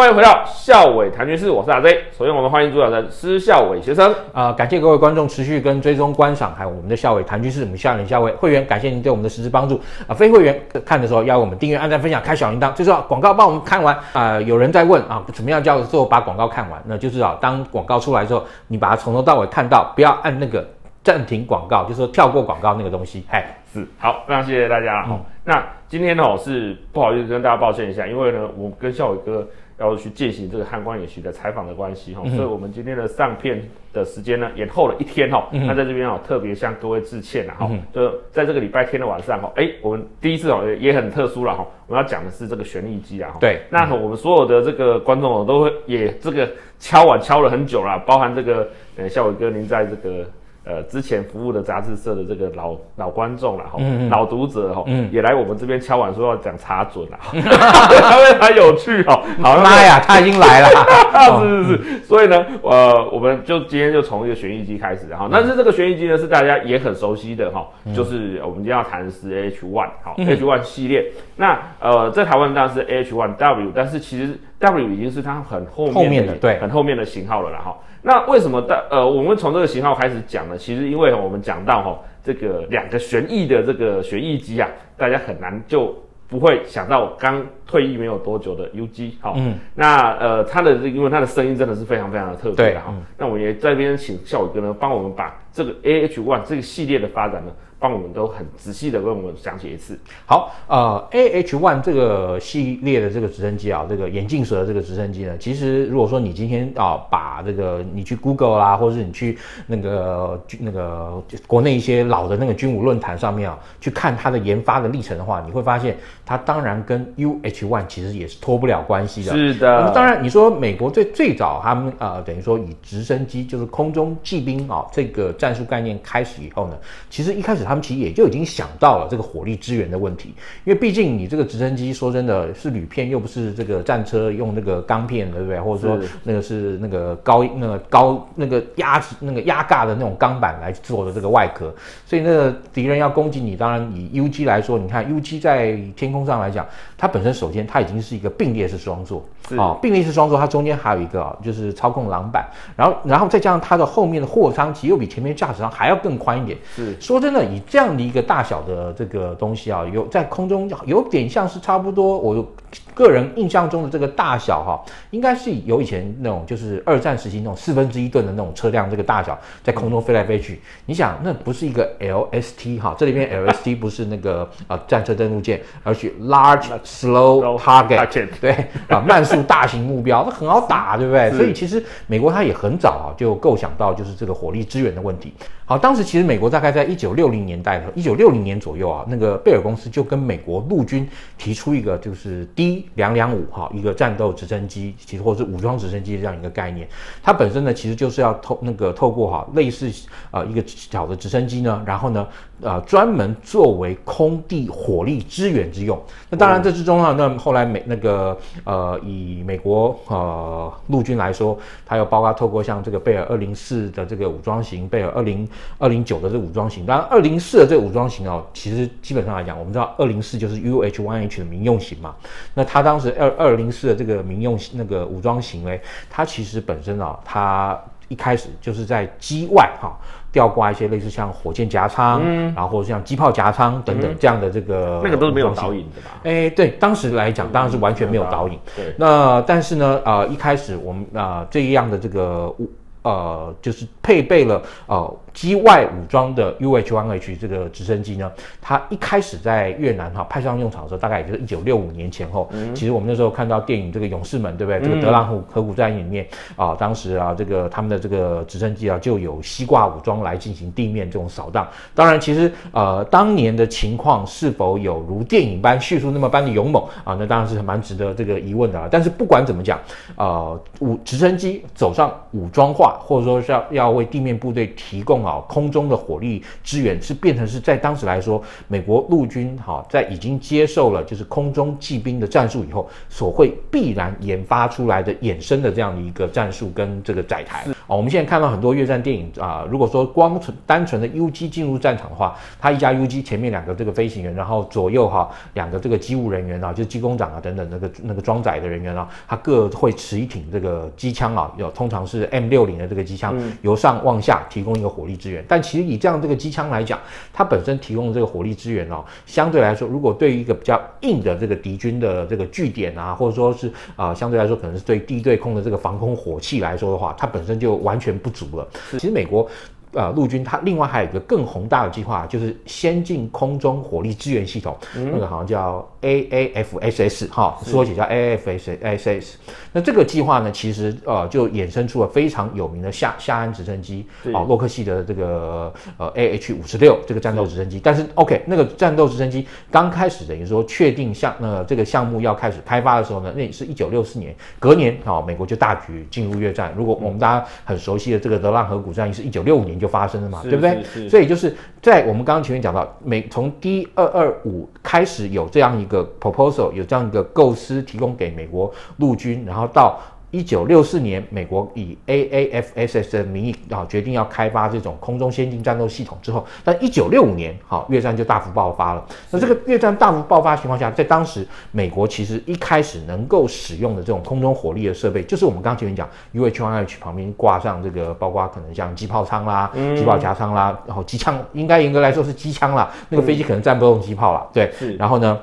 歡迎回到孝瑋談軍事，我是大 Z。首先，我們歡迎主持人施孝瑋先生啊、呃，感謝各位觀眾持續跟追蹤觀賞，還有我們的孝瑋談軍事。我們校園孝瑋會員，感謝您對我們的實質幫助啊、呃。非會員看的時候，要我們訂閱、按讚、分享、開小鈴鐺，就是要廣告幫我們看完啊、呃。有人在問啊，怎麼樣叫做把廣告看完？那就是啊，當廣告出來之後，你把它從頭到尾看到，不要按那個暫停廣告，就是說跳過廣告那個東西。哎嘿，是好，非常謝謝大家。嗯、那今天呢、哦，我是不好意思跟大家抱歉一下，因為呢，我跟孝瑋哥。要去進行這個漢光演習的採訪的關係哈，嗯、哼所以我們今天的上片的時間呢延後了一天哈，那、嗯、哼在這邊啊特別向各位致歉啊，嗯、哼就在這個禮拜天的晚上哈，誒、欸，我們第一次哦也很特殊了哈，我們要講的是這個旋翼機啊，對，那我們所有的這個觀眾哦都會也這個敲碗敲了很久了，包含這個呃、欸、孝瑋哥您在這個。呃，之前服務的雜誌社的這個老老觀眾了哈，嗯嗯，老讀者哈，嗯、也來我們這邊敲碗說要講插準啊，哈哈，還有趣哦，好媽呀，他已經來了， 是是是，嗯、所以呢，呃，我們就今天就從一個旋翼機開始哈，但是這個旋翼機呢是大家也很熟悉的哈，嗯、就是我們今天要談的是 H One，好，H One 系列，嗯、那呃，在台灣當然是 H One W，但是其實。W 已經是它很後面的、後面的對，很後面的型號了啦。哈。那為什麼大呃，我們從這個型號開始講呢？其實因為我們講到哈這個兩個旋翼的這個旋翼機啊，大家很難就不會想到剛退役沒有多久的 U g 哈、喔。嗯。那呃，它的因為它的聲音真的是非常非常的特別，哈對。嗯、那我們也在這邊請孝瑋哥呢幫我們把。這個 AH-1 這個系列的發展呢，幫我們都很仔細的為我們講解一次。好，呃，AH-1 這個系列的這個直升機啊，這個眼鏡蛇的這個直升機呢，其實如果說你今天啊，把這個你去 Google 啦，啊，或者是你去那個那個國內一些老的那個軍武論壇上面啊，去看它的研發的歷程的話，你會發現它當然跟 UH-1 其實也是脫不了關係的。是的。那麼當然，你說美國最最早他們啊，呃，等於說以直升機就是空中騎兵啊，這個。戰術概念開始以後呢，其實一開始他們其實也就已經想到了這個火力支援的問題，因為畢竟你這個直升機說真的是，是鋁片又不是這個戰車用那個鋼片對不對？或者說那個是那個高那個高那個壓那個壓尬的那種鋼板來做的這個外殼，所以那個敵人要攻擊你，當然以 U G 來說，你看 U G 在天空上來講，它本身首先它已經是一個並列式雙座啊是、哦，並列式雙座，它中間還有一個啊、哦，就是操控狼板，然後然後再加上它的後面的貨艙，其實又比前面。駕駛艙還要更寬一點。是，說真的，以這樣的一個大小的這個東西啊，有在空中有點像是差不多我個人印象中的這個大小哈、啊，應該是有以前那種，就是二戰時期那種四分之一噸的那種車輛這個大小，在空中飛來飛去。嗯、你想，那不是一個 LST 哈、啊？這裡面 LST 不是那個啊戰車登陸艦，而是 Large Slow Target，對啊，慢速大型目標，那 很好打，是對不對？所以其實美國它也很早啊，就構想到就是這個火力支援的問題。好，當時其實美國大概在一九六零年代，一九六零年左右啊，那個貝爾公司就跟美國陸軍提出一個就是。一兩兩五哈，5, 一個戰鬥直升機其實或是武裝直升機這樣一個概念，它本身呢其實就是要透那個透過哈類似呃一個小的直升機呢，然後呢呃專門作為空地火力支援之用。那當然這之中啊，那後來美那個呃以美國呃陸軍來說，它有包括透過像這個貝爾二零四的這個武裝型，貝爾二零，二零九的這武裝型。當然二零四的這武裝型哦，其實基本上來講，我們知道二零四就是 UH-1H 的民用型嘛。那他當時二二零四的這個民用那個武裝型嘞，它其實本身啊，它一開始就是在機外哈、啊，吊掛一些類似像火箭夾艙，嗯、然後像機炮夾艙等等這樣的這個、嗯。那個都是沒有導引的吧？哎，對，當時來講當然是完全沒有導引。嗯嗯、對，對。那但是呢，呃，一開始我們啊、呃，這樣的這個武呃，就是配備了呃。機外武裝的 UH-1H 這個直升機呢，它一開始在越南哈派上用場的時候，大概也就是一九六五年前後。嗯、其實我們那時候看到電影《這個勇士們》，對不對？這個德浪河谷戰役裡面、嗯、啊，當時啊，這個他們的這個直升機啊，就有西瓜武裝來進行地面這種掃蕩。當然，其實呃，當年的情況是否有如電影般敘述那麼般的勇猛啊？那當然是蠻值得這個疑問的了、啊。但是不管怎麼講，呃，武直升機走上武裝化，或者說是要要為地面部隊提供啊。啊，空中的火力支援是變成是在當時來說，美國陸軍哈在已經接受了就是空中騎兵的戰術以後，所會必然研發出來的衍生的這樣的一個戰術跟這個載台是啊。我們現在看到很多越戰電影啊，如果說光純單純的 U G 進入戰場的話，他一架 U G 前面兩個這個飛行員，然後左右哈、啊、兩個這個機務人員啊，就機、是、工長啊等等那個那個裝載的人員啊，他各會持一挺這個機槍啊，有通常是 M 六零的這個機槍，嗯、由上往下提供一個火力。力支援，但其實以這樣這個機槍來講，它本身提供的這個火力支援哦，相對來說，如果對於一個比較硬的這個敵軍的這個據點啊，或者說是啊、呃，相對來說可能是對地對空的這個防空火器來說的話，它本身就完全不足了。是其實美國，呃、陸軍它另外還有一個更宏大的計劃，就是先進空中火力支援系統，嗯、那個好像叫。A A F S S 哈，縮寫叫 A F S S。S S, 那這個計劃呢，其實呃就衍生出了非常有名的夏夏安直升機，是哦，洛克希德的這個呃 A H 五十六這個戰鬥直升機。是但是 OK，那個戰鬥直升機剛開始等於說確定項，那、呃、這個項目要開始開發的時候呢，那也是一九六四年，隔年啊、哦，美國就大舉進入越戰。如果我們大家很熟悉的這個德浪河谷戰役是一九六五年就發生的嘛，是是是是對不對？所以就是。在我們剛剛前面講到，美從 D 二二五開始有這樣一個 proposal，有這樣一個構思提供給美國陸軍，然後到。一九六四年，美國以 A A F S S 的名義啊、哦，決定要開發這種空中先進戰鬥系統之後，但一九六五年，好、哦，越戰就大幅爆發了。是那這個越戰大幅爆發情況下，在當時美國其實一開始能夠使用的這種空中火力的設備，就是我們剛前面講 UH-1H 旁邊掛上這個，包括可能像機炮艙啦、機炮夾艙啦，然後機槍，應該嚴格來說是機槍啦，那個飛機可能站不動機炮啦，對，是然後呢，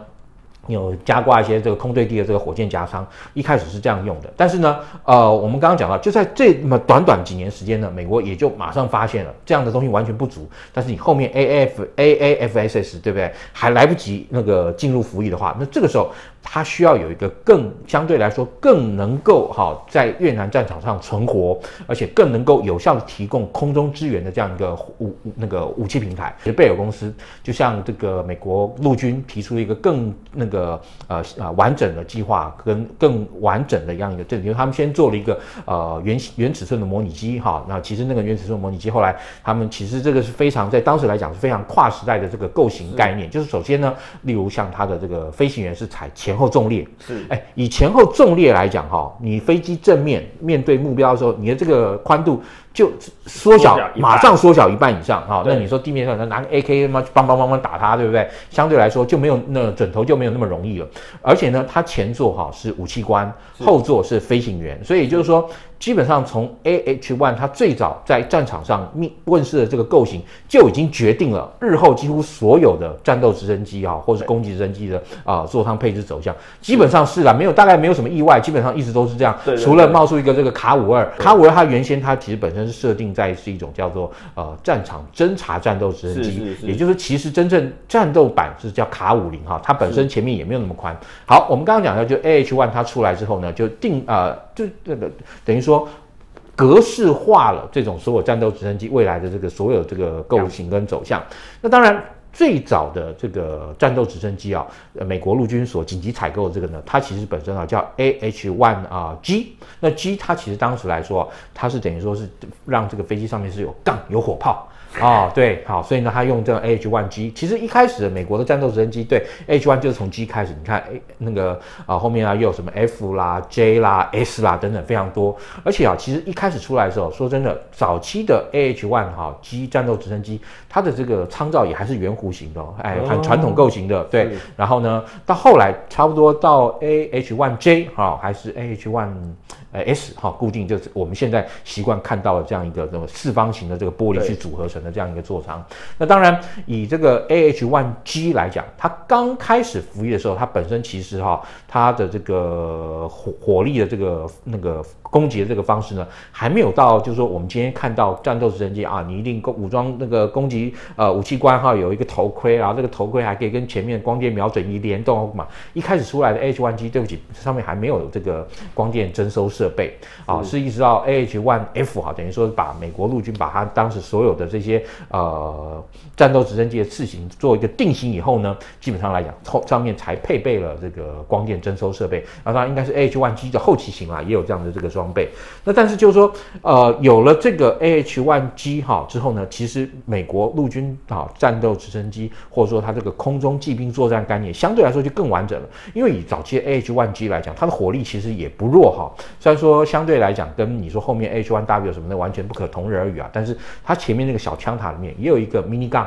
你有加掛一些這個空對地的這個火箭莢艙，一開始是這樣用的。但是呢，呃，我們剛剛講到，就在這麼短短幾年時間呢，美國也就馬上發現了這樣的東西完全不足。但是你後面 AAFSS 對不對？還來不及那個進入服役的話，那這個時候。它需要有一個更相對來說更能夠哈在越南戰場上存活，而且更能夠有效地提供空中支援的這樣一個武那個武器平台。其實貝爾公司就向這個美國陸軍提出了一個更那個呃啊完整的計劃跟更完整的樣一個證據。他們先做了一個呃原原尺寸的模擬機哈。那其實那個原尺寸的模擬機後來他們其實這個是非常在當時來講是非常跨時代的這個構型概念。就是首先呢，例如像它的這個飛行員是採前後縱列是，哎，以前後縱列來講哈，你飛機正面面對目標的時候，你的這個寬度，就縮小，小馬上縮小一半以上啊！對那你說地面上他拿個 AK A K 他去邦邦邦邦打他，對不對？相對來說就沒有那準、個、頭就沒有那麼容易了。而且呢，它前座哈是武器官，後座是飛行員，是所以就是說，是基本上從 AH-1 它最早在戰場上面問世的這個構型，就已經決定了日後幾乎所有的戰鬥直升機啊，或是攻擊直升機的啊對、呃、座艙配置走向，基本上是啦，沒有大概沒有什麼意外，基本上一直都是這樣。對除了冒出一個這個卡五二對，卡五二它原先它其實本身，設定在是一種叫做呃戰場偵察戰鬥直升機，是是是是，也就是其實真正戰鬥版是叫卡五零哈，它本身前面也沒有那麼寬。是好，我們剛剛講到就 A H One 它出來之後呢，就定呃就這個、呃呃、等於說格式化了這種所有戰鬥直升機未來的這個所有這個構型跟走向。嗯、那當然。最早的這個戰鬥直升機啊、哦呃，美國陸軍所緊急採購的這個呢，它其實本身啊叫 A H One 啊、呃、G，那 G 它其實當時來說，它是等於說是讓這個飛機上面是有槓有火炮。 哦，對，好，所以呢，他用這個 AH-1G。其實一開始的美國的戰鬥直升機，對 AH-1 就是從 G 開始。你看那個啊、呃，後面啊又有什麼 F 啦、J 啦、S 啦等等，非常多。而且啊，其實一開始出來的時候，說真的，早期的 AH-1 哈、哦、G 戰鬥直升機，它的這個艙罩也還是圓弧形的，哎，哦、很傳統構型的。對，是然後呢，到後來差不多到 AH-1J 哈、哦，還是 AH-1。S 哈，固定就是我們現在習慣看到的這樣一個這種四方形的這個玻璃去組合成的這樣一個座艙。對那當然，以這個 AH-1G 來講，它剛開始服役的時候，它本身其實哈、哦，它的這個火火力的這個那個攻擊的這個方式呢，還沒有到就是說我們今天看到戰鬥直升機啊，你一定攻武裝那個攻擊呃武器官哈，有一個頭盔，然後這個頭盔還可以跟前面光電瞄準儀聯動嘛。一開始出來的 AH-1G，對不起，上面還沒有這個光電偵蒐射。設備啊，是、嗯、一直到 AH1F 哈，等於說是把美國陸軍把它當時所有的這些呃、嗯戰鬥直升機的次型做一個定型以後呢，基本上來講，後上面才配備了這個光電偵蒐設備。那它應該是 A H One G 的後期型啦，也有這樣的這個裝備。那但是就是說，呃，有了這個 A H One G 哈之後呢，其實美國陸軍啊戰鬥直升機或者說它這個空中騎兵作戰概念相對來說就更完整了。因為以早期 A H One G 來講，它的火力其實也不弱哈，雖然說相對來講跟你說後面 H One W 什麼的完全不可同日而語啊，但是它前面那個小槍塔裡面也有一個 Mini Gun。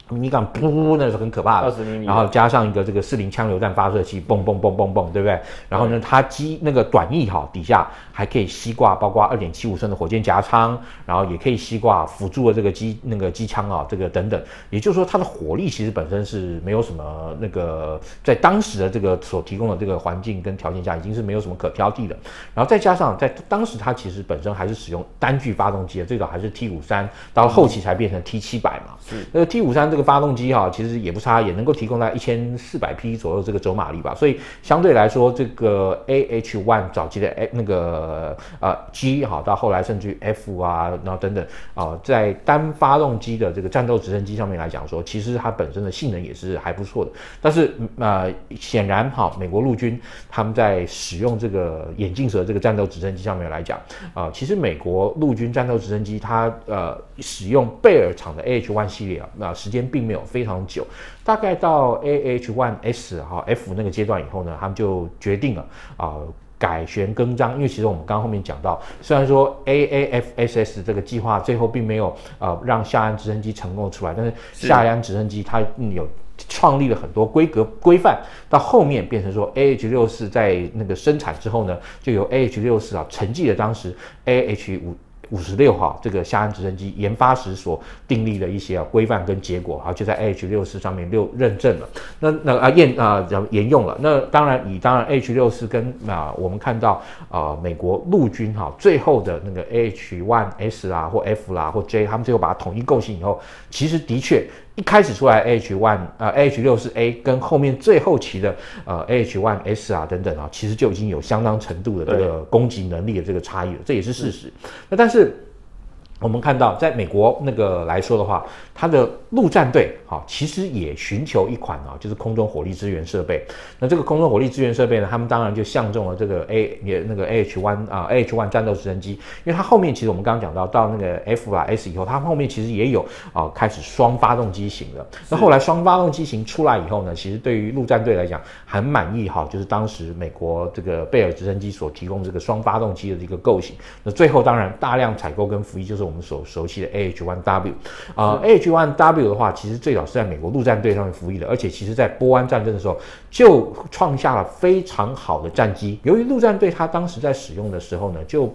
你敢、mm、噗，噗，噗，那是很可怕的。二十厘米，然後加上一個這個四零槍榴彈發射器，嘣嘣嘣嘣嘣，對不對？然後呢，它機那個短翼哈、哦、底下還可以吸掛，包括二點七五升的火箭夾艙，然後也可以吸掛輔助的這個機那個機槍啊、哦，這個等等。也就是說，它的火力其實本身是沒有什麼那個，在當時的這個所提供的這個環境跟條件下，已經是沒有什麼可挑剔的。然後再加上在當時它其實本身還是使用單具發動機的，最早還是 T 五三，到後期才變成 T 七百嘛。是，那個 T 五三這個。這個發動機哈、啊，其實也不差，也能夠提供在一千四百匹左右這個軸馬力吧。所以相對來說，這個 A H One 早期的哎那個呃 G 哈，G, 到後來甚至於 F 啊，然後等等啊、呃，在單發動機的這個戰鬥直升機上面來講說，其實它本身的性能也是還不錯的。但是呃，顯然哈、呃，美國陸軍他們在使用這個眼鏡蛇的這個戰鬥直升機上面來講啊、呃，其實美國陸軍戰鬥直升機它呃使用貝爾廠的 A H One 系列啊，那、呃、時間。並沒有非常久，大概到 A H One S 哈、哦、F 那個階段以後呢，他們就決定了啊、呃、改弦更張，因為其實我們剛剛後面講到，雖然說 A A F S S 這個計劃最後並沒有啊、呃、讓夏安直升機成功出來，但是夏安直升機它、嗯、有創立了很多規格規範，到後面變成說 A H 六四在那個生產之後呢，就由 A H 六四啊承繼了當時 A H 五。五十六號這個夏安直升機研發時所訂立的一些規範跟結果，就在 AH 六四上面六認證了。那那啊驗啊，然、呃、後、呃、沿用了。那當然以，你當然 AH 六四跟啊、呃，我們看到啊、呃，美國陸軍哈最後的那個 AH 1 S 啊或 F 啦或 J，他們最後把它統一構型以後，其實的確。一開始出來，AH One 啊，AH 六四 A，跟後面最後期的呃 AH One S 啊等等啊，其實就已經有相當程度的這個攻擊能力的這個差異了，對這也是事實。對那但是。我們看到，在美國那個來說的話，它的陸戰隊哈、哦，其實也尋求一款啊、哦，就是空中火力支援設備。那這個空中火力支援設備呢，他們當然就相中了這個 A 也那個 A H One 啊 A H One 戰鬥直升機，因為它後面其實我們剛剛講到，到那個 F 啊 S 以後，它後面其實也有啊開始雙發動機型的。是那後來雙發動機型出來以後呢，其實對於陸戰隊來講很滿意哈、哦，就是當時美國這個貝爾直升機所提供這個雙發動機的這個構型。那最後當然大量採購跟服役就是。我。我們所熟悉的 AH One W 啊，AH One W 的話，其實最早是在美國陸戰隊上面服役的，而且其實在波灣戰爭的時候就創下了非常好的戰績。由於陸戰隊它當時在使用的時候呢，就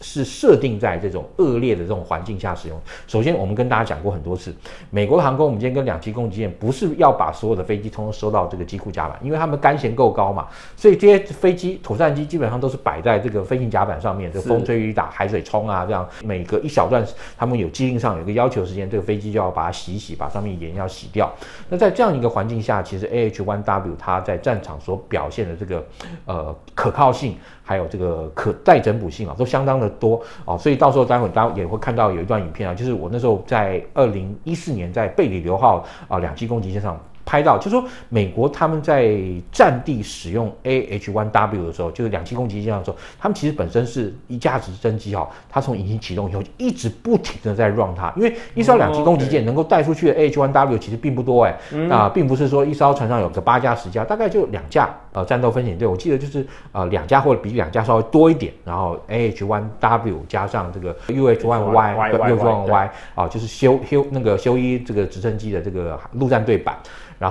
是設定在這種惡劣的這種環境下使用。首先，我們跟大家講過很多次，美國航空母艦跟兩棲攻擊艦不是要把所有的飛機通通收到這個機庫甲板，因為他們乾舷夠高嘛。所以這些飛機、妥善機基本上都是擺在這個飛行甲板上面，就風吹雨打、海水沖啊，這樣每隔一小段，他們有機令上有個要求時間，這個飛機就要把它洗一洗，把上面鹽要洗掉。那在這樣一個環境下，其實 AH-1W 它在戰場所表現的這個呃可靠性，還有這個可再整補性啊，都相當的。多哦，所以到時候待會大家也會看到有一段影片啊，就是我那時候在二零一四年在貝里琉號啊、呃、兩棲攻擊艦上。拍到就是、說美國他們在戰地使用 A H One W 的時候，就是兩棲攻擊艦的時候，他們其實本身是一架直升機哈，它從引擎啟動以後就一直不停的在 run 它，因為一艘兩棲攻擊艦能夠帶出去的 A H One W 其實並不多哎、欸，那、呃、並不是說一艘船上有個八架十架，大概就兩架呃戰鬥分遣隊，我記得就是呃兩架或者比兩架稍微多一點，然後 A H One W 加上這個 U H One Y U H 1 Y 啊對、呃，就是修修那個修一這個直升機的這個陸戰隊版。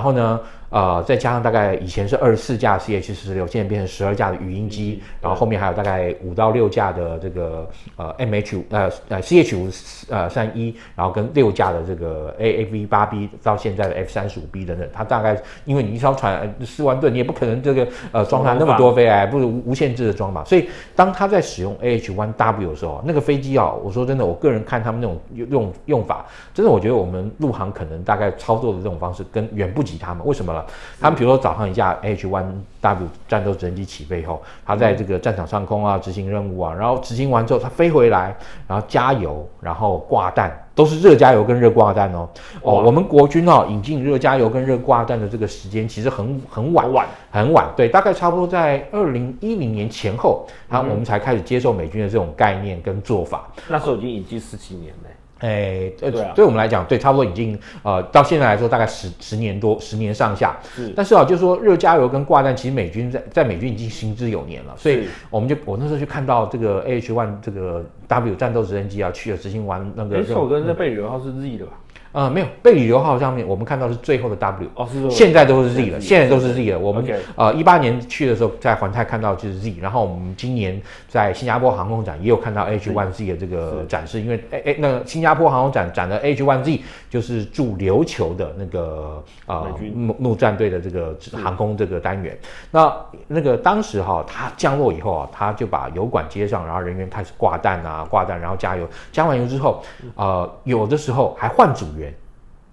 然後呢？呃，再加上大概以前是二十四架 C H 四十六，現在變成十二架的語音機，嗯、然後後面還有大概五到六架的這個呃 M H 5, 呃 CH 5, 呃 C H 五呃三一，e, 然後跟六架的這個 A A V 八 B 到現在的 F 三十五 B 等等，它大概因為你一艘船四、呃、萬噸，你也不可能這個呃裝它那麼多飛來法、哎，不是無無限制的裝嘛，所以當他在使用 A H one W 的時候、啊，那個飛機哦、啊，我說真的，我個人看他們那種用用法，真的我覺得我們陸航可能大概操作的這種方式跟遠不及他們，為什麼呢？他們比如說，早上一架 H1W 戰鬥直升機起飛後，他在這個戰場上空啊執行任務啊，然後執行完之後他飛回來，然後加油，然後掛彈，都是熱加油跟熱掛彈哦。哦，哇我們國軍哦引進熱加油跟熱掛彈的這個時間其實很很晚，很晚很晚，對，大概差不多在二零一零年前後，他，嗯、我們才開始接受美軍的這種概念跟做法。那時候已經引進十幾年了。誒、欸，對，對，啊、對我們來講，對，差不多已經，呃，到現在來說，大概十十年多，十年上下。是，但是啊，就是說熱加油跟掛彈，其實美軍在在美軍已經行之有年了，是所以我們就我那時候就看到這個 AH-1 這個 W 戰鬥直升機啊，去了執行完那個，你首哥那被油號是 z 的吧？嗯呃，沒有，貝里流號上面我們看到是最後的 W、哦、是的，現在都是 Z 了，現在都是 Z 了。Z 了的我們 okay. 呃一八年去的時候，在環太看到就是 Z，然後我們今年在新加坡航空展也有看到 H1Z 的這個展示，因為哎哎那個新加坡航空展展的 H1Z 就是駐琉球的那個啊陸、呃、陸戰隊的這個航空這個單元。的那那個當時哈、啊，它降落以後啊，它就把油管接上，然後人員開始掛彈啊掛彈，然後加油，加完油之後，呃有的時候還換組員。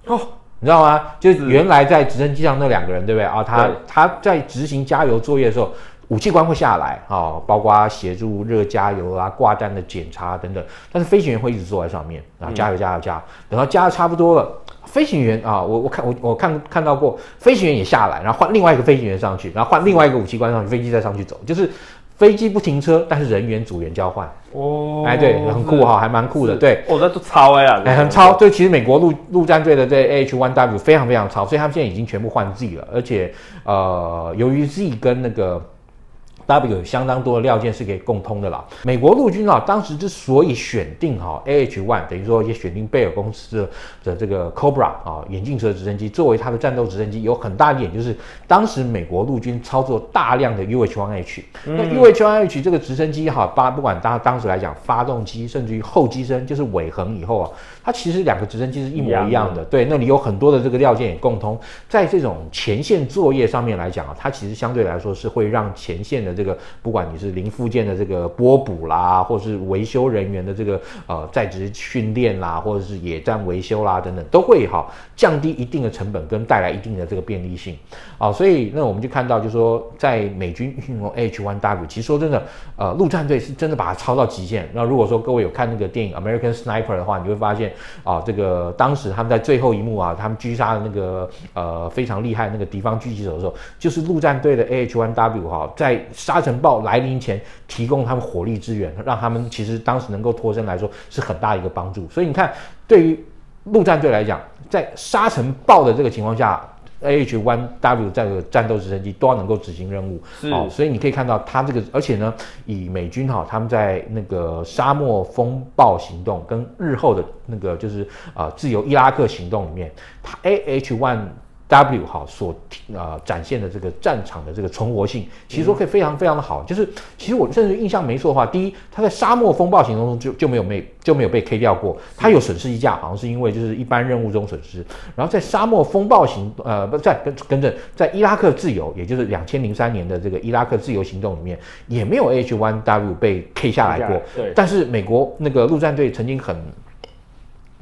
哦，你知道嗎？就原來在直升機上那兩個人，是對不對啊？他對他在執行加油作業的時候，武器官會下來啊、哦，包括協助熱加油啊、掛彈的檢查等等。但是飛行員會一直坐在上面啊，加油加油加，等到、嗯、加的差不多了，飛行員啊，我我看我我看看到過，飛行員也下來，然後換另外一個飛行員上去，然後換另外一個武器官上去，飛機再上去走，就是。飛機不停車，但是人員組員交換哦，哎，對，很酷哈，是還蠻酷的，是對，哦，那是超誒、欸、哎，很超，就對其實美國陸陸戰隊的這 AH-1W 非常非常超，所以他們現在已經全部換 Z 了，而且呃，由於 Z 跟那個。W 有相當多的料件是可以共通的啦。美國陸軍啊，當時之所以選定哈、啊、AH-1，等於說也選定貝爾公司的，的這個 Cobra 啊眼鏡蛇直升機作為它的戰鬥直升機，有很大一點就是當時美國陸軍操作大量的 UH-1H。H，嗯、那 UH-1H 這個直升機哈、啊，發不管當當時來講，發動機甚至於後機身就是尾桁，以後啊，它其實兩個直升機是一模一樣的。嗯、對，那裡有很多的這個料件也共通。在這種前線作業上面來講啊，它其實相對來說是會讓前線的。這個不管你是零附件、的這個撥補啦，或是維修人員的這個呃在職訓練啦，或者是野戰維修啦等等，都會哈、哦、降低一定的成本跟帶來一定的這個便利性啊、哦。所以那我們就看到，就說在美軍運用、嗯、AH One W，其實說真的，呃，陸戰隊是真的把它操到極限。那如果說各位有看那個電影《American Sniper》的話，你會發現啊、哦，這個當時他們在最後一幕啊，他們狙殺的那個呃非常厲害那個敵方狙擊手的時候，就是陸戰隊的 AH One W 哈、哦、在沙塵暴來臨前，提供他們火力支援，讓他們其實當時能夠脫身來說是很大的一個幫助。所以你看，對於陸戰隊來講，在沙塵暴的這個情況下，AH-1W 這個戰鬥直升機都要能夠執行任務。是、哦，所以你可以看到它這個，而且呢，以美軍哈他們在那個沙漠風暴行動跟日後的那個就是啊、呃、自由伊拉克行動裡面，AH-1。他 AH W 哈所啊、呃、展現的這個戰場的這個存活性，其實都可以非常非常的好。就是其實我甚至印象沒錯的話，第一，他在沙漠風暴行動中就就沒有沒就沒有被 K 掉過，他有損失一架，好像是因為就是一般任務中損失。然後在沙漠風暴行，呃不在跟跟着在伊拉克自由，也就是兩千零三年的這個伊拉克自由行動裡面，也沒有 H1W 被 K 下來過。對。但是美國那個陸戰隊曾經很。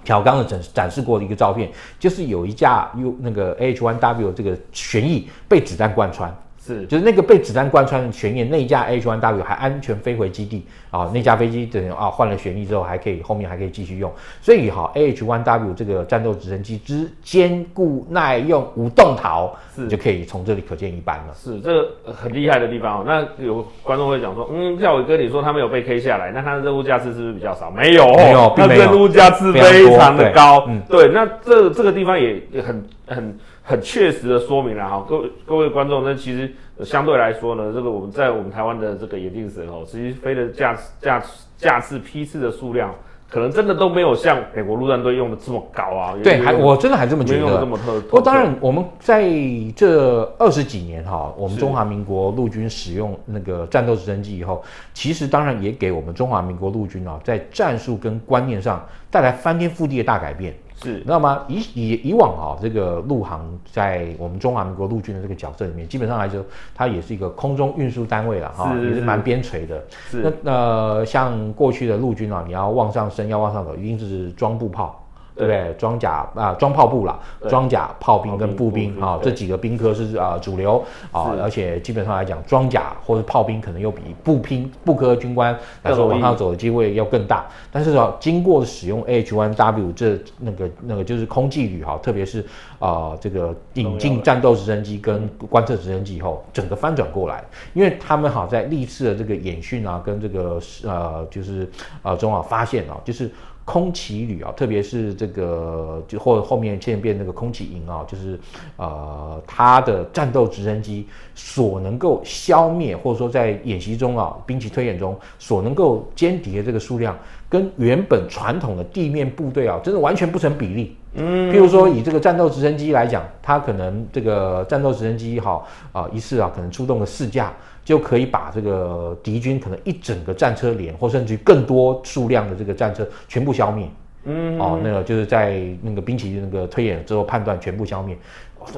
調鋼的展展示過的一個照片，就是有一架 U 那個 AH-1W 這個旋翼，被子彈貫穿。是，就是那個被子彈貫穿的旋翼那一架 H1W 還安全飛回基地啊，那架飛機等於啊換了旋翼之後還可以，後面還可以繼續用，所以哈、啊、H1W 這個戰鬥直升機之堅固耐用無動搖，是就可以從這裡可見一斑了。是，這個、很厲害的地方哦。那有觀眾會講說，嗯，像我跟你說，它沒有被 K 下來，那它的任務價值是不是比較少？沒有，沒有，它的任務價值非常的高。嗯，對，那這個、這個地方也也很。很很確實的說明了、啊、哈，各位各位觀眾，那其實相對來說呢，這個我們在我們台灣的這個眼鏡蛇哦，實際飛的架架架次批次的數量，可能真的都沒有像美國陸戰隊用的這麼高啊。有有對，還我真的還這麼覺得。沒用的這麼特我特當然，我們在這二十幾年哈、啊，我們中華民國陸軍使用那個戰鬥直升機以後，其實當然也給我們中華民國陸軍啊，在戰術跟觀念上帶來翻天覆地的大改變。是，那麼以以以往啊，這個陸航在我們中華民國陸軍的這個角色裡面，基本上來說，它也是一個空中運輸單位了、啊、哈、啊，是，也是蠻邊陲的。是那呃，像過去的陸軍啊，你要往上升，要往上走，一定是裝步炮。對不對？裝甲啊，裝炮步啦，對裝甲炮兵跟步兵，兵，步兵啊，這幾個兵科是啊、呃、主流啊，是而且基本上來講，裝甲或者炮兵可能又比步兵步科的軍官來說往上走的機會要更大。但是說、啊、經過使用 AH-1W 這那個那個就是空騎旅哈、啊，特別是啊這個引進戰鬥直升機跟觀測直升機以後，整個翻轉過來，因為他們哈、啊、在歷次的這個演訓啊，跟這個呃就是呃中啊發現啊，就是。空騎旅啊，特別是這個就或後面漸漸變那個空騎營啊，就是呃，它的戰鬥直升機所能夠消滅，或者說在演習中啊，兵棋推演中所能夠殲敵的這個數量，跟原本傳統的地面部隊啊，真的完全不成比例。嗯，譬如說以這個戰鬥直升機來講，它可能這個戰鬥直升機哈啊、呃、一次啊可能出動了四架。就可以把這個敵軍可能一整個戰車連，或甚至更多數量的這個戰車全部消滅。嗯哼，哦，那個就是在那個兵棋那個推演之後判斷全部消滅。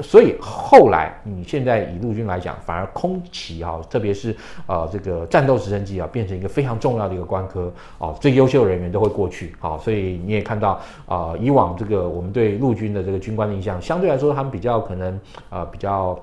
所以後來你現在以陸軍來講，反而空騎啊，特別是呃這個戰鬥直升機啊，變成一個非常重要的一個官科啊、哦，最優秀的人員都會過去啊、哦。所以你也看到啊、呃，以往這個我們對陸軍的這個軍官的印象，相對來說他們比較可能呃比較。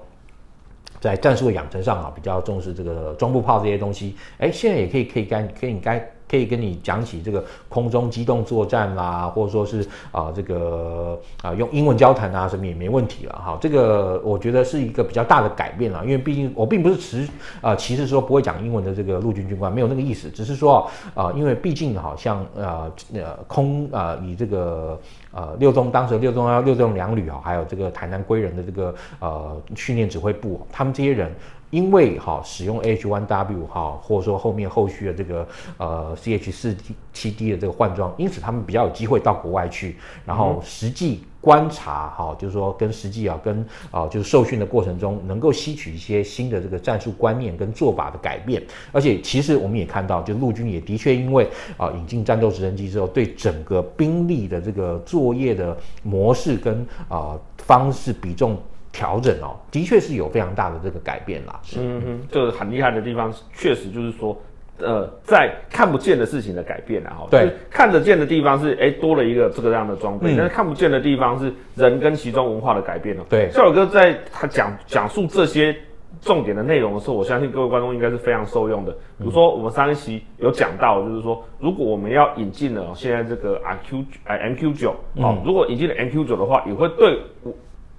在戰術的養成上啊，比較重視這個裝步炮這些東西。哎、欸，現在也可以，可以幹，可以幹。可以跟你講起這個空中機動作戰啦、啊，或者說是啊、呃、這個啊、呃、用英文交談啊，什麼也沒問題了。好，這個我覺得是一個比較大的改變了，因為畢竟我並不是持啊歧視說不會講英文的這個陸軍軍官，沒有那個意思，只是說啊、呃，因為畢竟哈，像呃那空啊、呃，以這個呃六中當時六中幺六中兩旅啊，還有這個台南歸仁的這個呃訓練指揮部，他們這些人。因為哈使用 H1W 哈，或者說後面後續的這個呃 CH-47D 的這個換裝，因此他們比較有機會到國外去，然後實際觀察哈，就是說跟實際啊，跟啊就是受訓的過程中，能夠吸取一些新的這個戰術觀念跟做法的改變。而且其實我們也看到，就陸軍也的確因為啊引進戰鬥直升機之後，對整個兵力的這個作業的模式跟啊方式比重調整哦，的確是有非常大的這個改變啦。是嗯哼，就是很厲害的地方，確實就是說，呃，在看不見的事情的改變啦、啊，哈。對，看得見的地方是哎、欸、多了一個這個這樣的裝備，嗯、但是看不見的地方是人跟其中文化的改變了、啊。對，孝瑋哥在他講講述這些重點的內容的時候，我相信各位觀眾應該是非常受用的。比如說我們上一期有講到，就是說如果我們要引進了現在這個 RQ 哎 MQ 九哦，嗯、如果引進了 MQ 九的話，也會對我。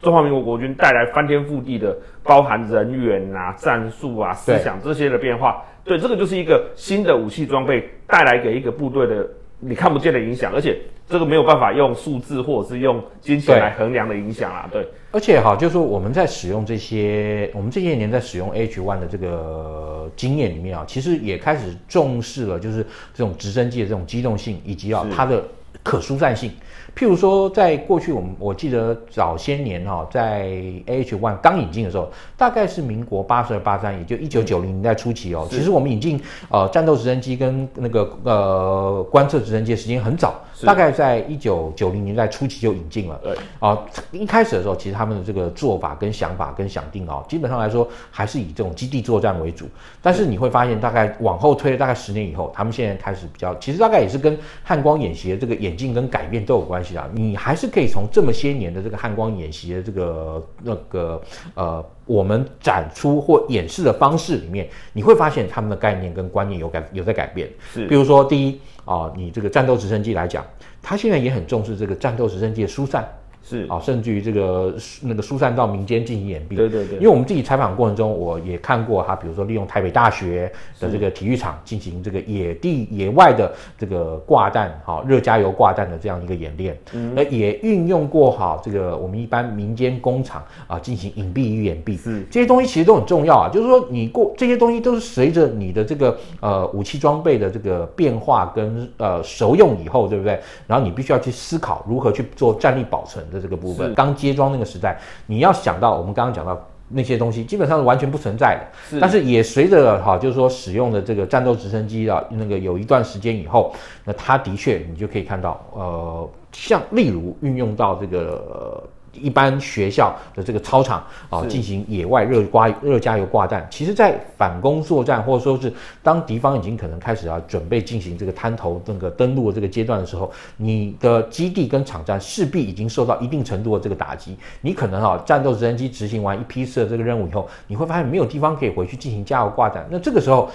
中華民國國軍帶來翻天覆地的，包含人員啊、戰術啊、思想這些的變化。對，對，這個就是一個新的武器裝備帶來給一個部隊的你看不見的影響，而且這個沒有辦法用數字或者是用金錢來衡量的影響啊。對，對，而且哈，就是說我們在使用這些，我們這些年在使用 H One 的這個經驗裡面啊，其實也開始重視了，就是這種直升機的這種機動性以及啊是它的可疏散性。譬如說，在過去我們我記得早些年哈、喔，在 AH-1 剛引進的時候，大概是民國八十二八三，也就一九九零年代初期哦、喔。是其實我們引進呃戰鬥直升機跟那個呃觀測直升機的時間很早，大概在一九九零年代初期就引進了。對是啊，一開始的時候，其實他們的這個做法跟想法跟想定哦、喔，基本上來說還是以這種基地作戰為主。但是你會發現，大概往後推了大概十年以後，他們現在開始比較，其實大概也是跟漢光演習的這個演進跟改變都有關係。你還是可以從這麼些年的這個漢光演習的這個那個呃，我們展出或演示的方式裡面，你會發現他們的概念跟觀念有改，有在改變。是，比如說第一啊，呃，你這個戰鬥直升機來講，他現在也很重視這個戰鬥直升機的疏散。是啊，甚至於這個那個疏散到民間進行掩蔽，對對對，因為我們自己採訪過程中，我也看過他，比如說利用台北大學的這個體育場是進行這個野地野外的這個掛彈，哈、啊，熱加油掛彈的這樣一個演練，嗯，那也運用過好、啊、這個我們一般民間工廠啊進行隱蔽與掩蔽，嗯是，這些東西其實都很重要啊，就是說你過這些東西都是隨着你的這個呃武器裝備的這個變化跟呃熟用以後，對不對？然後你必須要去思考如何去做戰力保存的。這個部分剛接裝那個時代，你要想到我們剛剛講到那些東西，基本上是完全不存在的。是但是也隨着哈、啊，就是說使用的這個戰鬥直升機啊，那個有一段時間以後，那它的確你就可以看到，呃，像例如運用到這個。呃一般學校的這個操場啊，進行野外熱掛、熱加油掛彈。是其實，在反攻作戰或者說是當敵方已經可能開始啊準備進行這個灘頭那個登陸的這個階段的時候，你的基地跟場站勢必已經受到一定程度的這個打擊。你可能啊，戰鬥直升機執行完一批次的這個任務以後，你會發現沒有地方可以回去進行加油掛彈。那這個時候，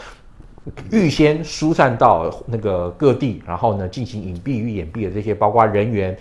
預先疏散到那個各地，然後呢，進行隱蔽與掩蔽的這些包括人員。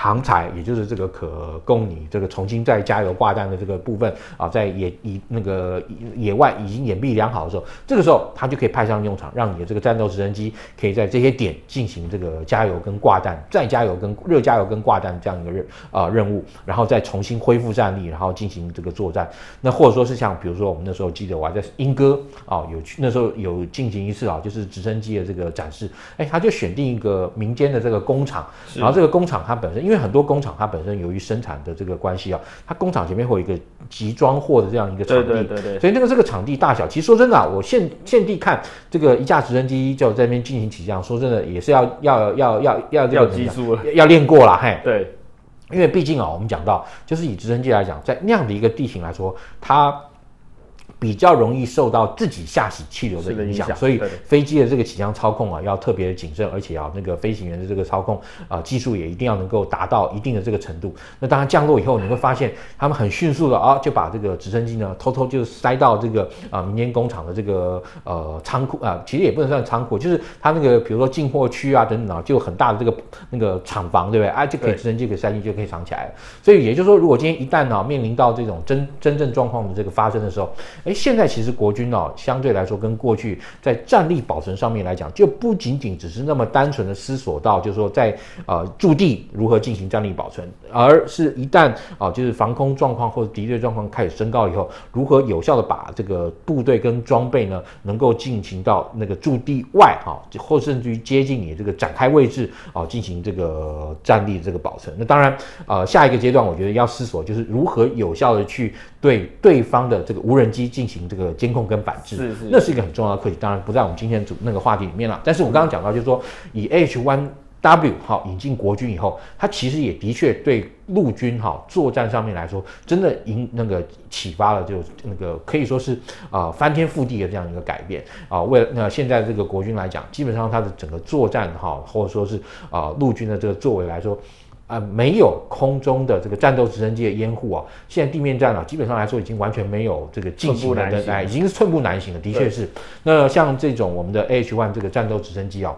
航材，也就是這個可供你這個重新再加油掛彈的這個部分啊，在野以那個野外已經掩蔽良好的時候，這個時候它就可以派上用場，讓你的這個戰鬥直升機可以在這些點進行這個加油跟掛彈、再加油跟熱加油跟掛彈這樣一個任啊、呃、任務，然後再重新恢復戰力，然後進行這個作戰。那或者說是像，比如說我們那時候記得，我還在鶯歌啊，有去那時候有進行一次啊，就是直升機的這個展示，哎、欸，他就選定一個民間的這個工廠，然後這個工廠它本身因因為很多工廠，它本身由於生產的這個關係啊，它工廠前面會有一個集裝貨的這樣一個場地，對對對對。所以那個這個場地大小，其實說真的啊，我現現地看這個一架直升機就在那邊進行起降，說真的也是要要要要要要技術了，要，要練過了，嘿，對，因為畢竟啊，我們講到就是以直升機來講，在那樣的一個地形來說，它。比較容易受到自己下洗氣流的影響，所以飛機的這個起降操控啊要特別謹慎，而且啊那個飛行員的這個操控啊技術也一定要能夠達到一定的這個程度。那當然降落以後，你會發現他們很迅速的啊就把這個直升機呢偷偷就塞到這個啊民間工廠的這個呃倉庫啊，其實也不能算倉庫，就是他那個比如說進貨區啊等等啊，就有很大的這個那個廠房，對不對？啊，這個直升機對可以塞進去就可以藏起來了。所以也就是說，如果今天一旦呢、啊、面臨到這種真真正狀況的這個發生的時候，現在其實國軍哦、啊，相對來說跟過去在戰力保存上面來講，就不僅僅只是那麼單純的思索到，就是說在呃駐地如何進行戰力保存，而是一旦啊、呃、就是防空狀況或者敵對狀況開始升高以後，如何有效的把這個部隊跟裝備呢，能夠進行到那個駐地外哈、啊，或甚至於接近你這個展開位置啊，進行這個戰力的這個保存。那當然啊、呃，下一個階段我覺得要思索就是如何有效的去對對方的這個無人機。進行這個監控跟反制，是、是是，那是一個很重要的課題，當然不在我們今天主那個話題裡面了。但是我剛剛講到，就是說、嗯、以 AH-1W 好、哦、引進國軍以後，它其實也的確對陸軍哈、哦、作戰上面來說，真的引那個啟發了就，就那個可以說是啊、呃、翻天覆地的這樣一個改變啊、呃。為那個、現在這個國軍來講，基本上它的整個作戰哈、哦，或者說是啊、呃、陸軍的這個作為來說。啊，沒有空中的這個戰鬥直升機的掩護啊，現在地面戰啊，基本上來說已經完全沒有這個進行的，步行哎，已經是寸步難行了。的確是，對那像這種我們的 AH-1 這個戰鬥直升機啊。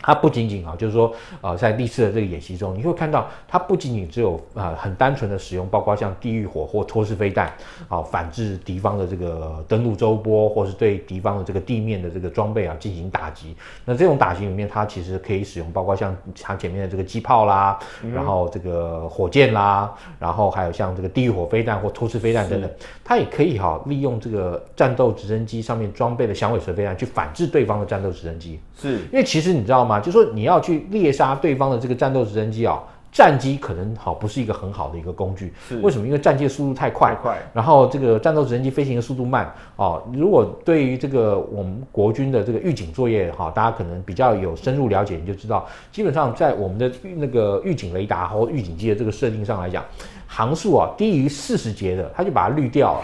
它不僅僅啊，就是說，呃，在歷次的這個演習中，你會看到它不僅僅只有呃很單純的使用，包括像地獄火或拖式飛彈，啊，反制敵方的這個登陸舟波，或是對敵方的這個地面的這個裝備啊進行打擊。那這種打擊裡面，它其實可以使用，包括像它前面的這個機炮啦，嗯、然後這個火箭啦，然後還有像這個地獄火飛彈或拖式飛彈等等，是它也可以哈、啊、利用這個戰鬥直升機上面裝備的響尾蛇飛彈去反制對方的戰鬥直升機。是，因為其實你知道嗎？嘛，就是說你要去獵殺對方的這個戰鬥直升機啊，戰機可能好，不是一個很好的一個工具。是為什麼？因為戰機速度太快，太快，然後這個戰鬥直升機飛行的速度慢哦。如果對於這個我們國軍的這個預警作業哈、哦，大家可能比較有深入了解，你就知道，基本上在我們的那個預警雷達和預警機的這個設定上來講，航速啊低於四十節的，它就把它濾掉了。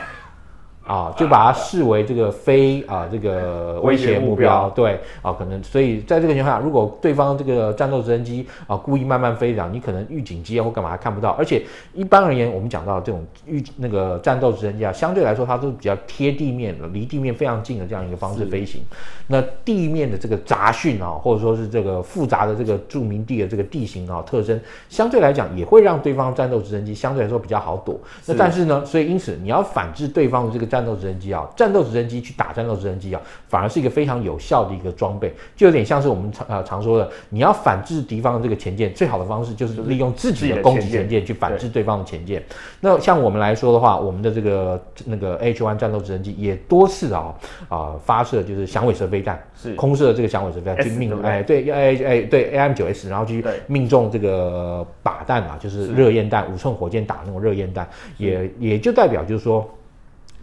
啊，就把它視為這個非啊這個威脅目標，目標對啊，可能所以在這個情況下，如果對方這個戰鬥直升機啊故意慢慢飛，然後你可能預警機啊或幹嘛看不到，而且一般而言，我們講到這種預那個戰鬥直升機啊，相對來說它都是比較貼地面的，離地面非常近的這樣一個方式飛行。是那地面的這個雜訊啊，或者說是這個複雜的這個著名地的這個地形啊特徵，相對來講也會讓對方戰鬥直升機相對來說比較好躲。是那但是呢，所以因此你要反制對方的這個。戰鬥直升機啊，戰鬥直升機去打戰鬥直升機啊，反而是一個非常有效的一個裝備，就有點像是我們常呃常說的，你要反制敵方的這個潛艦，最好的方式就是利用自己的攻擊潛艦去反制對方的潛艦。前那像我們來說的話，我們的這個那個 H One 戰鬥直升機也多次啊啊、呃、發射就是響尾蛇飛彈，是空射這個響尾蛇飛彈 去命哎 right? 對哎對 A, A, A, A, A M 九 S，然後去命中這個靶彈啊，對就是熱焰彈，五寸火箭打那種熱焰彈，的也也就代表就是說。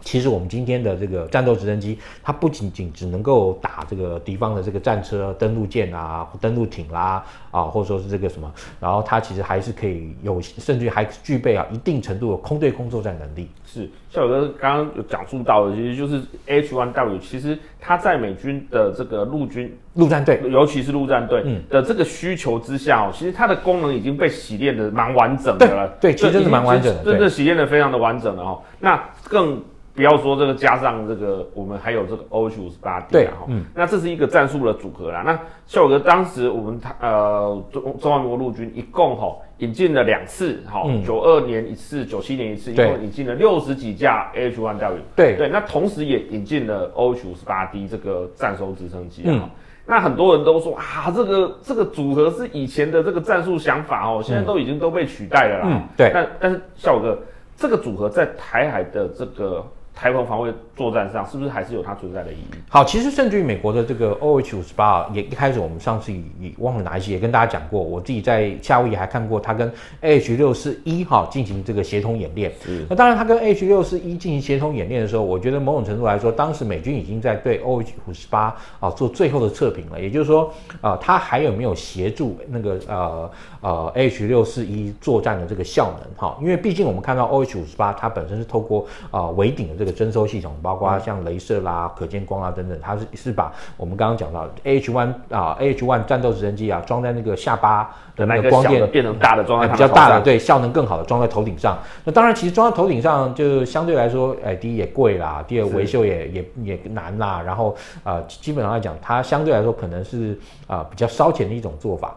其實我們今天的這個戰鬥直升機，它不僅僅只能夠打這個敵方的這個戰車、登陸艦啊、登陸艇啦、啊，啊，或者說是這個什麼，然後它其實還是可以有，甚至還具備啊一定程度的空對空作戰能力。是，像我剛剛有講述到的，其實就是 H One W，其實它在美軍的這個陸軍、陸戰隊，尤其是陸戰隊的這個需求之下，哦、嗯，其實它的功能已經被洗練的蠻完整的了。對，對對其實是實蠻完整的，真的洗練的非常的完整的哦。那更不要說這個加上這個，我們還有這個 OH 58D 啊、嗯，那這是一個戰術的組合啦。那孝哥當時我們呃中中華民國陸軍一共哈引進了兩次哈，九二、嗯、年一次，九七年一次，一共引進了六十幾架 AH-1W 對，對，對，那同時也引進了 OH 58D 這個戰術直升機啊。嗯、那很多人都說啊，這個這個組合是以前的這個戰術想法哦，現在都已經都被取代了啦。嗯嗯、對。但但是孝哥這個組合在台海的這個台灣防衛作戰上是不是還是有它存在的意義？好，其實甚至於美國的這個 OH 五十八啊，58，也一開始，我們上次也忘了哪一期也跟大家講過，我自己在夏威夷還看過它跟 AH 六四 E，哈進行這個協同演練。是那當然，它跟 AH 六四 E 進行協同演練的時候，我覺得某種程度來說，當時美軍已經在對 OH 五十八啊做最後的測評了，也就是說啊、呃，它還有沒有協助那個呃。呃，H 六四 E 作戰的這個效能哈，因為畢竟我們看到 O H 五十八，它本身是透過啊，桅、呃、頂的這個偵蒐系統，包括像雷射啦、可見光啊等等，它是是把我們剛剛講到的 H one 啊、呃、H one 戰鬥直升機啊，裝在那個下巴的那個光電的變成大的裝，在，比較大的對效能更好的裝在頭頂上。那當然，其實裝在頭頂上就是、相對來說，哎、欸，第一也貴啦，第二維修也是也也難啦，然後啊、呃，基本上來講，它相對來說可能是啊、呃、比較燒錢的一種做法。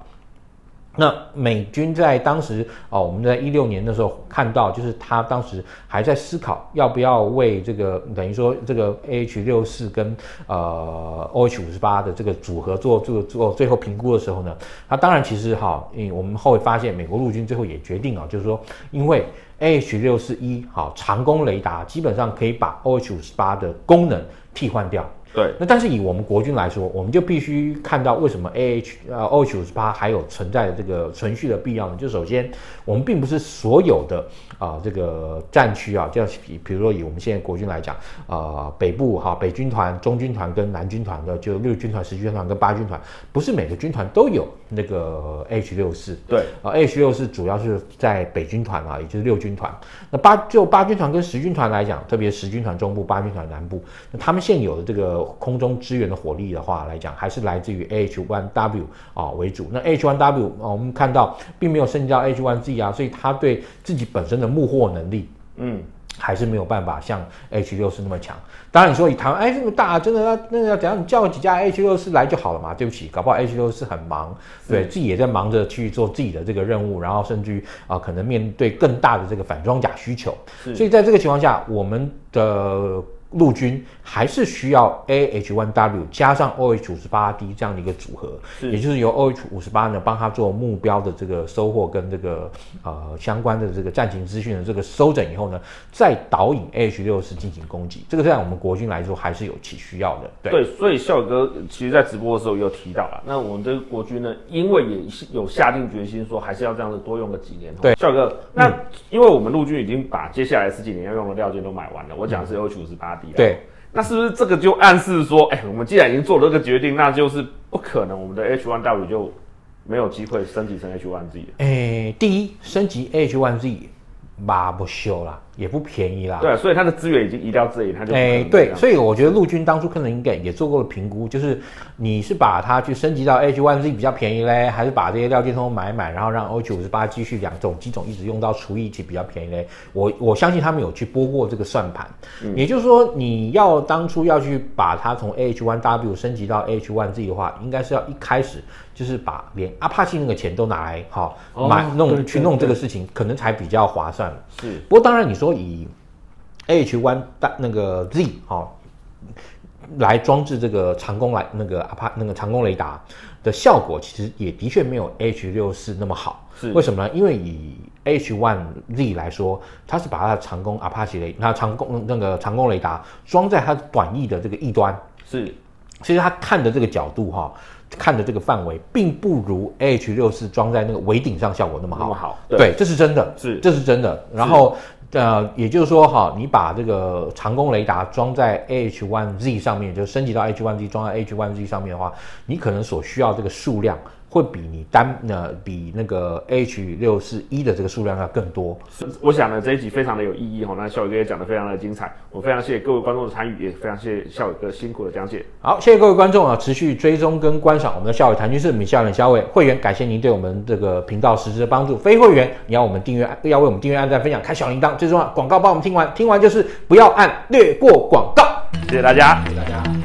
那美軍在當時哦，我們在一六年的時候看到，就是他當時還在思考要不要為這個等於說這個 A H 六四跟呃 O H 五十八的這個組合做做做最後評估的時候呢，他當然其實哈，嗯、哦，因為我們後來發現，美國陸軍最後也決定啊，就是說因為 A H 六四一好長弓雷達基本上可以把 O H 五十八的功能替換掉。對，那但是以我們國軍來說，我們就必須看到為什麼 A H 呃 O 九五八還有存在的這個存續的必要呢？就首先，我們並不是所有的啊、呃、這個戰區啊，像比比如說以我們現在國軍來講啊、呃，北部哈、啊、北軍團、中軍團跟南軍團的就六軍團、十軍團跟八軍團，不是每個軍團都有那個 H 六四。對，啊、呃、H 六四主要是在北軍團啊，也就是六軍團。那八就八軍團跟十軍團來講，特別十軍團中部、八軍團南部，那他們現有的這個。空中支援的火力的話來講，還是來自於 A H one W 啊、哦、為主。那 A H one W，哦、我們看到並沒有升級到 A H one Z 啊，所以它對自己本身的目獲能力，嗯，還是沒有辦法像 H 六四那麼強。當然你說以台灣哎這麼大，啊，真的那那要等一下，你叫幾架 H 六四來就好了嘛。對不起，搞不好 H 六四很忙，對、嗯、自己也在忙着去做自己的這個任務，然後甚至於啊、呃、可能面對更大的這個反裝甲需求。是所以在這個情況下，我們的。陸軍還是需要 A H 1W 加上 O H 五十八 D 這樣的一個組合，是也就是由 O H 五十八呢幫他做目標的這個收獲跟這個呃相關的這個戰情資訊的這個收整以後呢，再導引 A H 六十進行攻擊。這個在我們國軍來說還是有其需要的。對，對所以孝哥其實在直播的時候又提到了，那我們的國軍呢，因為也有下定決心說還是要這樣子多用個幾年。對，孝哥，那、嗯、因為我們陸軍已經把接下來十幾年要用的料件都買完了，我講的是 O H 五十八。嗯對，那是不是這個就暗示說，哎、欸，我們既然已經做了這個決定，那就是不可能我們的 H1W 就沒有機會升級成 H1Z 了？哎、欸，第一，升級 H1Z，媽不休了。也不便宜啦，對，所以它的資源已經移到自己，他就哎、欸，對，所以我覺得陸軍當初可能應該也做過了評估，就是你是把它去升級到 H One Z 比較便宜嘞，還是把這些料件通通買買，然後讓 O 九十八繼續兩種機種，一直用到除役期比較便宜嘞。我我相信他們有去撥過這個算盤，嗯、也就是說你要當初要去把它從 H One W 升級到 H One Z 的話，應該是要一開始。就是把連阿帕奇那個錢都拿來哈買、哦、弄對對對對去弄這個事情，可能才比較划算。是，不過當然你說以 H one 大那個 Z 啊來裝置這個長弓來那個阿帕那個長弓雷達的效果，其實也的確沒有 H 六四那麼好。是，為什麼呢？因為以 H one Z 來說，它是把它的長弓阿帕奇雷那長弓那個長弓雷達裝在它短翼的這個翼端。是，其實它看的這個角度哈。看着這個範圍，並不如 AH64 裝在那個尾頂上效果那麼好。那麼好，對，對，這是真的，是，這是真的。然後，是呃，也就是說哈，你把這個長弓雷達裝在 AH1Z 上面，就升級到 AH1Z 裝在 AH1Z 上面的話，你可能所需要這個數量。會比你單呃比那個 H 六四一的這個數量要更多。我想呢，這一集非常的有意義哦，那孝瑋哥也講得非常的精彩，我非常謝謝各位觀眾的參與，也非常謝謝孝瑋哥辛苦的講解。好，謝謝各位觀眾啊，持續追蹤跟觀賞我們的孝瑋談軍事，我是孝瑋。會員感謝您對我們這個頻道實質的幫助，非會員你要我們訂閱，要為我們訂閱、按讚分享開小鈴鐺，最重要廣告幫我們聽完，聽完就是不要按略過廣告。謝謝大家，謝謝大家。